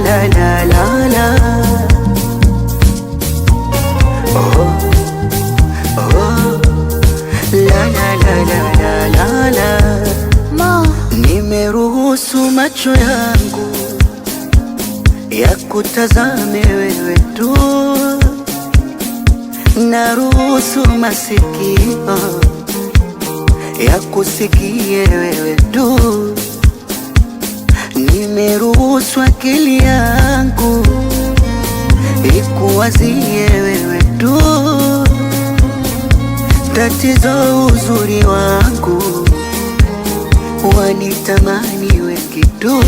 la la la la oh, oh, la la la la la la Ma, nimeruhusu macho yangu ya kutazame wewe tu, naruhusu masikio ya kusikie wewe tu nimeruhusu akili yangu ikuwazie wewe tu. Tatizo uzuri wangu, wanitamani wengi tu.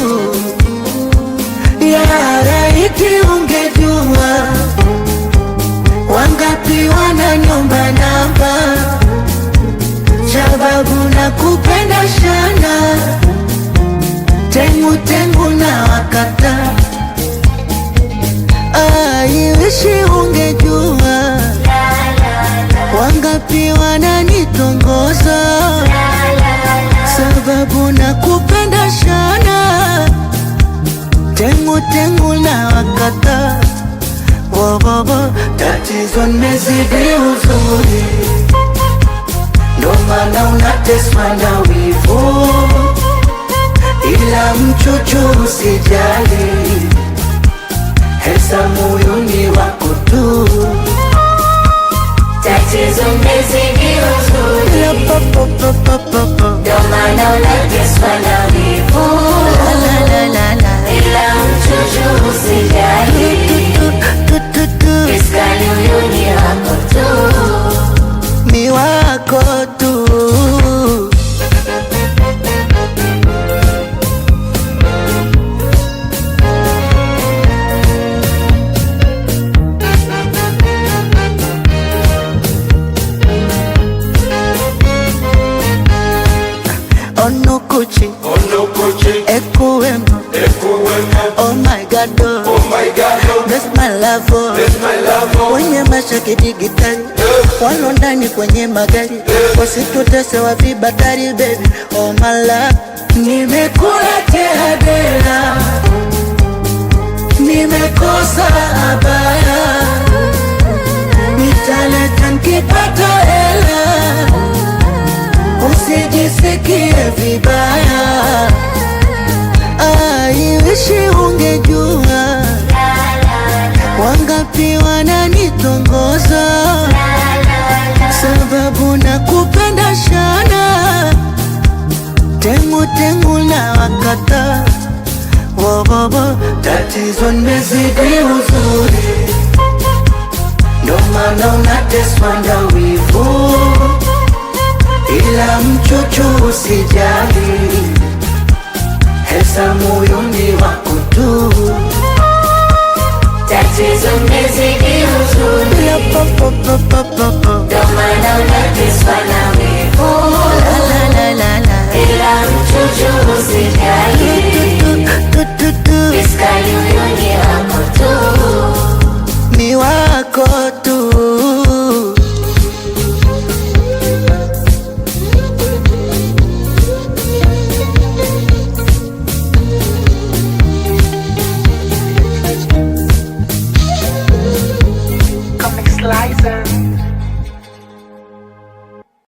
Yaraiti, ungejua wangapi wana nyumba namba, sababu nakupenda shana tengu na wakata aiwishi ungejua wangapi wananitongoza sababu na kupenda shana tengu tengu na wakata wowowo tatizo nimezidi uzuri ndo maana unateswa nawe mchuchu, usijali, hesa moyoni wako tu, tatizo mezingiro onukuchi ekuwema oh my god oh, oh my god oh. that's my love oh that's my love oh. wenye mashaki digitali walo ndani kwenye magari wasitutese wa vibatari baby oh my love nimekuletea dela nimekosa abaya Kashi ungejua wangapi wananitongoza, sababu nakupenda sana, tengu tengu na wakata wobobo, tatizo nimezidi uzuri, ndo maana unateswa na wivu, ila mchuchu usijali hesa moyo Baptism amazing is Don't mind